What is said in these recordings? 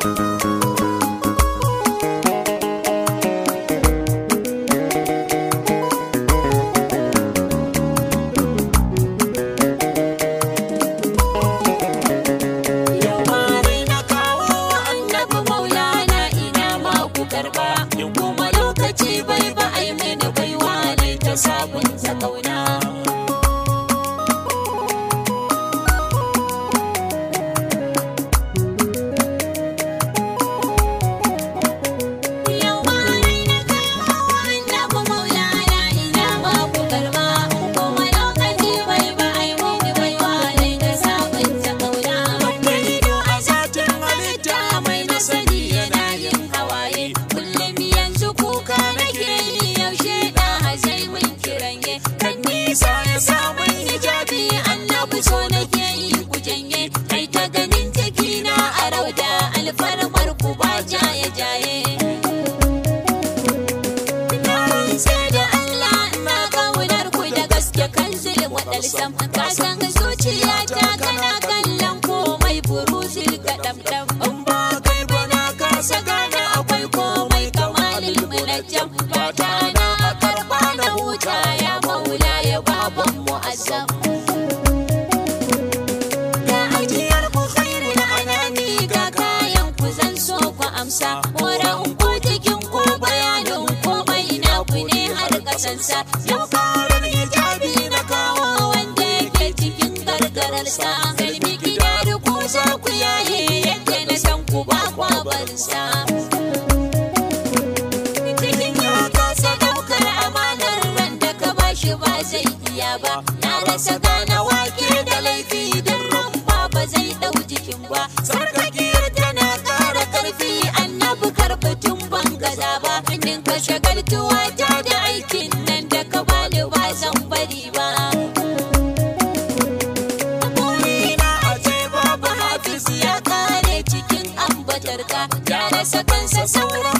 Thank you. amanar da ka ba zai na rasa gane wake da laifi don rumfa ba zai dau jikin ba sarkakiyar tana kara karfi annabi karfatun ban gaza ba nin ka shagaltuwa ta salsa, salsa.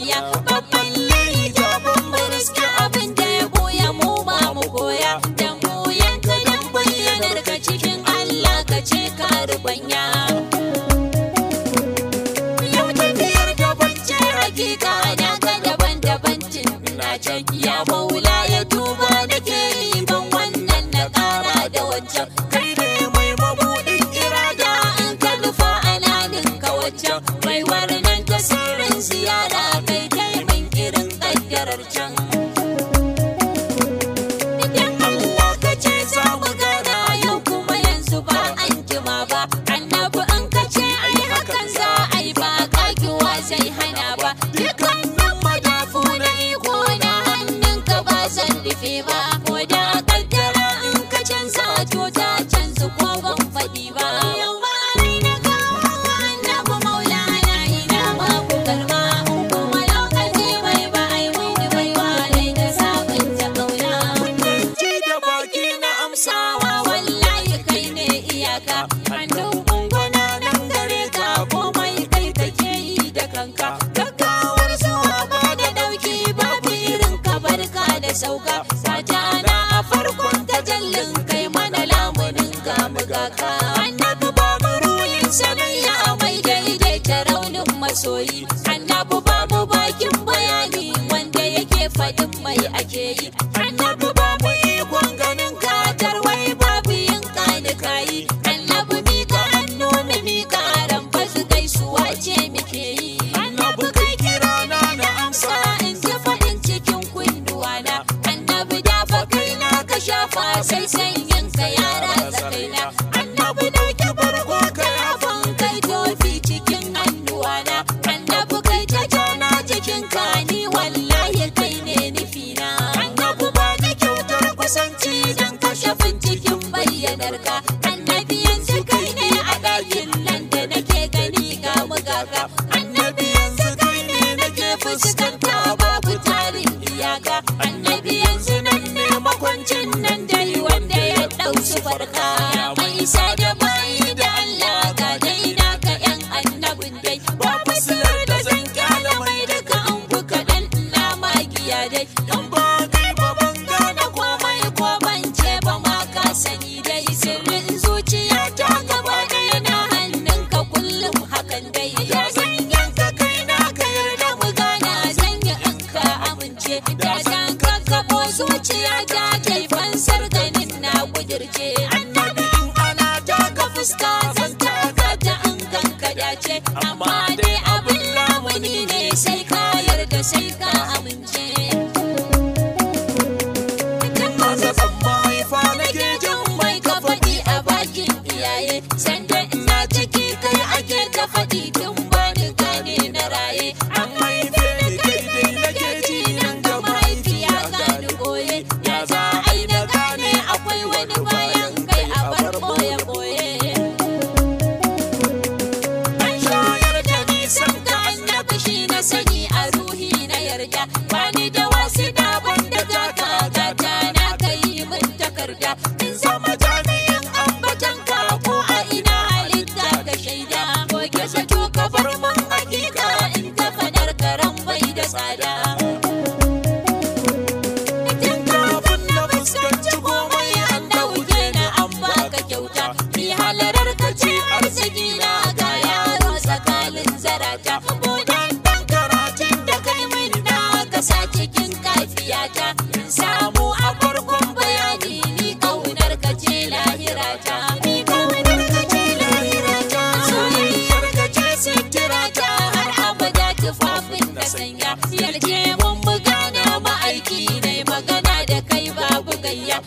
soyayya babban layi ta bambar sauka, saja arziki na ga yaro tsakanin zarata budan dan karatun da kai min na gasa cikin kafiyata in samu a farkon bayani ni kaunar ka ce lahirata ni kaunar ka ce lahirata soyayyar ce suturata har abada tufafin da sanya yarje mun buga na ma'aiki ne magana da kai babu gayya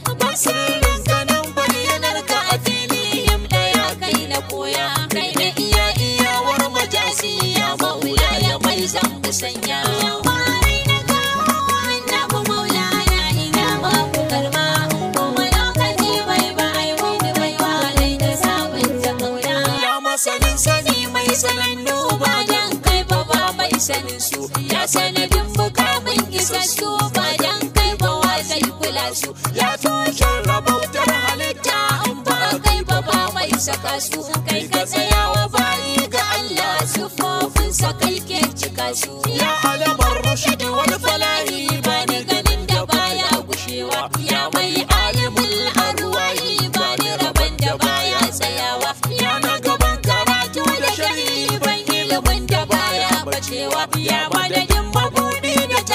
sanadin bukamin isa su ba dan kai ba wa zai kula su ya toshe rabautar halitta in ba kai ba ba mai saka su kai ka tsayawa bayi ga Allah sifofin sa kai ke cika su ya alamar rushidi wani falahi ba ni ganin da baya gushewa ya mai alimul arwahi ba ni da baya tsayawa ya na gaban karatu da shari'i ban ilimin da baya bacewa ya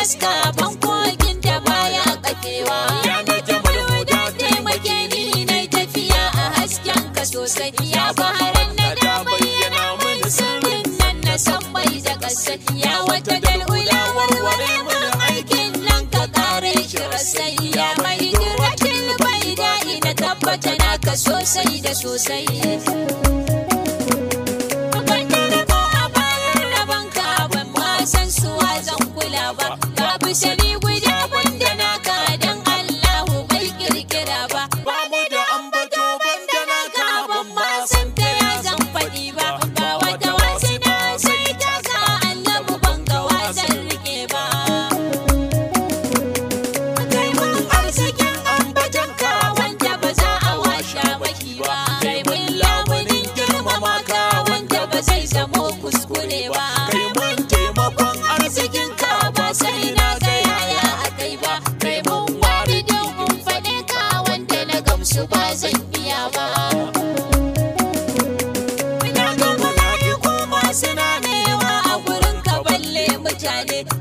fuska ban kogin da baya kafewa ya na jamal huda taimake ni na tafiya a hasken ka sosai ya baharan na da bayyana mini sirrin nan na san mai da ya wata dal'ula warware aikin nan ka ƙare shi rasai ya mai jiratin bai da'i na tabbata na ka sosai da sosai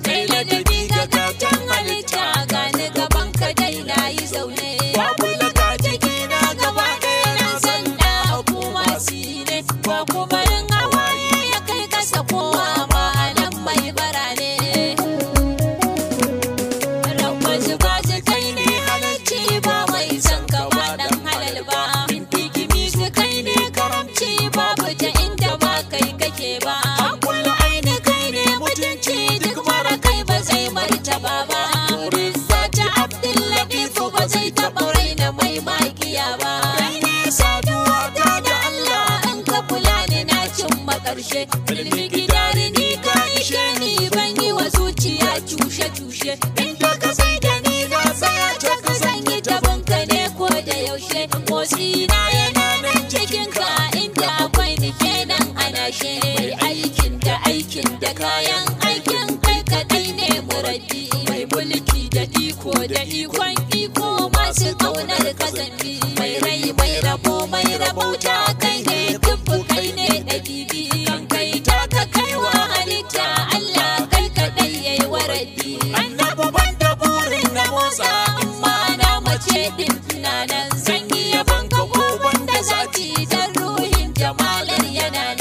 They let the kayan aikin kai ne muradi mai mulki da iko da ikon iko masu kaunar kazabi mai rai mai rabo mai rabauta kai ne dubbu kai ne dabibi kan kai ta ka kai wa halitta Allah kai kadai yayi warabbi ban da burin na motsa amma na mace din tunanan sanyi ya banka uban da zaki don ruhin jamalar yana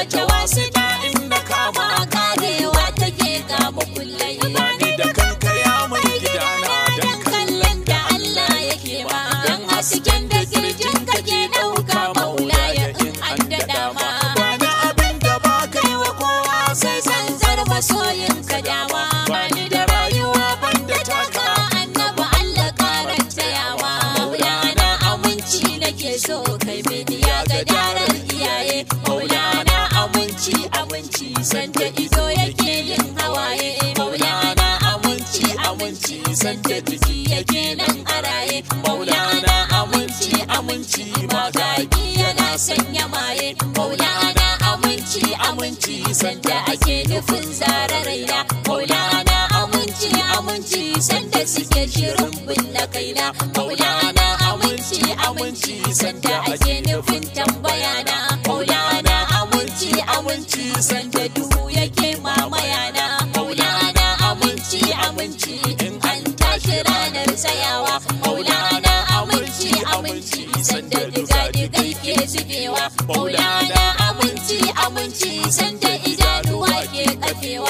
mace wasu da inda kama karewa take kama kullai ni da kanka ya mai gidana dan kallon da Allah yake ma dan hasken da kirjin ka ke dauka maula ya in an dada ma wani da ba kai kowa sai san zarba soyin ka da rayuwa banda taka annaba Allah karanta yawa maulana aminci nake so kai mini ya ga daren baki yana sanya maye maulana aminci aminci sanda ake nufin zara raina maulana aminci aminci sanda suke shirin binne kaina maulana aminci aminci sanda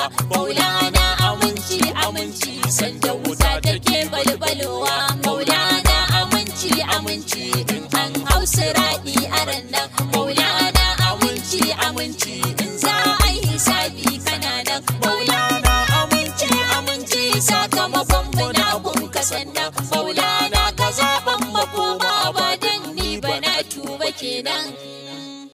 Paula